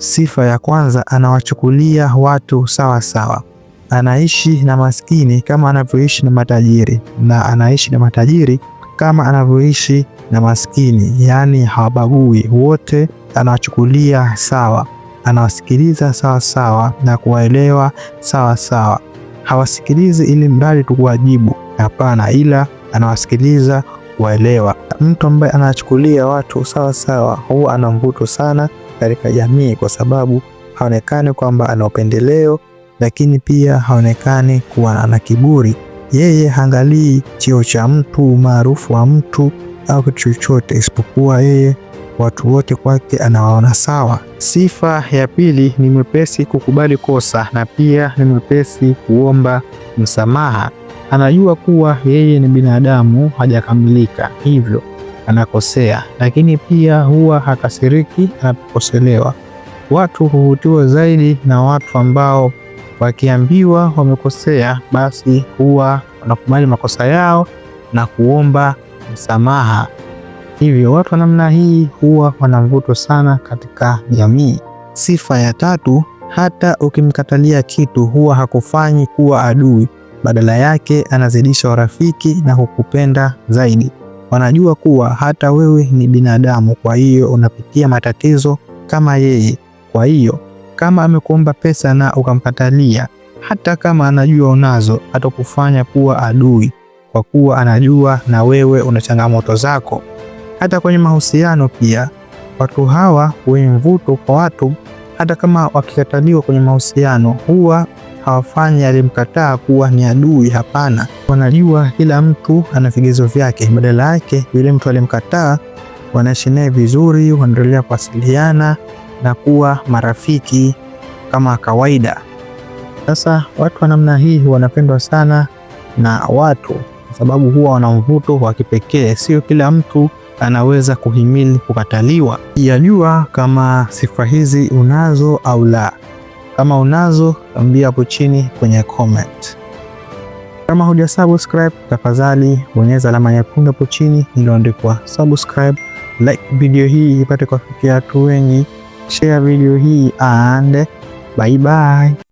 Sifa ya kwanza, anawachukulia watu sawa sawa. Anaishi na maskini kama anavyoishi na matajiri, na anaishi na matajiri kama anavyoishi na maskini, yaani hawabagui, wote anawachukulia sawa, anawasikiliza sawa sawa na kuwaelewa sawa sawa. Hawasikilizi ili mradi tu kuwajibu, hapana, ila anawasikiliza kuwaelewa. Mtu ambaye anawachukulia watu sawa sawa huwa ana mvuto sana katika jamii, kwa sababu haonekani kwamba ana upendeleo, lakini pia haonekani kuwa ana kiburi. Yeye haangalii cheo cha mtu, umaarufu wa mtu au kitu chochote, isipokuwa yeye watu wote kwake anawaona sawa. Sifa ya pili ni mwepesi kukubali kosa na pia ni mwepesi kuomba msamaha. Anajua kuwa yeye ni binadamu hajakamilika, hivyo anakosea, lakini pia huwa hakasiriki anapokoselewa. Watu huvutiwa zaidi na watu ambao wakiambiwa wamekosea, basi huwa wanakubali makosa yao na kuomba msamaha. Hivyo watu wa namna hii huwa wana mvuto sana katika jamii. Sifa ya tatu, hata ukimkatalia kitu huwa hakufanyi kuwa adui, badala yake anazidisha urafiki na hukupenda zaidi. Wanajua kuwa hata wewe ni binadamu, kwa hiyo unapitia matatizo kama yeye. Kwa hiyo kama amekuomba pesa na ukamkatalia, hata kama anajua unazo, hatakufanya kuwa adui, kwa kuwa anajua na wewe una changamoto zako. Hata kwenye mahusiano pia, watu hawa wenye mvuto kwa watu, hata kama wakikataliwa kwenye mahusiano huwa hawafanyi aliyemkataa kuwa ni adui. Hapana, wanajua kila mtu ana vigezo vyake. Badala yake, yule mtu aliyemkataa wanaishi naye vizuri, wanaendelea kuwasiliana na kuwa marafiki kama kawaida. Sasa watu wa namna hii wanapendwa sana na watu, kwa sababu huwa wana mvuto wa kipekee. Sio kila mtu anaweza kuhimili kukataliwa. Yajua kama sifa hizi unazo au la. Kama unazo ambia hapo chini kwenye comment. Kama huja subscribe, tafadhali bonyeza alama nyekundu hapo chini iliyoandikwa subscribe, like video hii ipate kuwafikia watu wengi, share video hii and bye bye.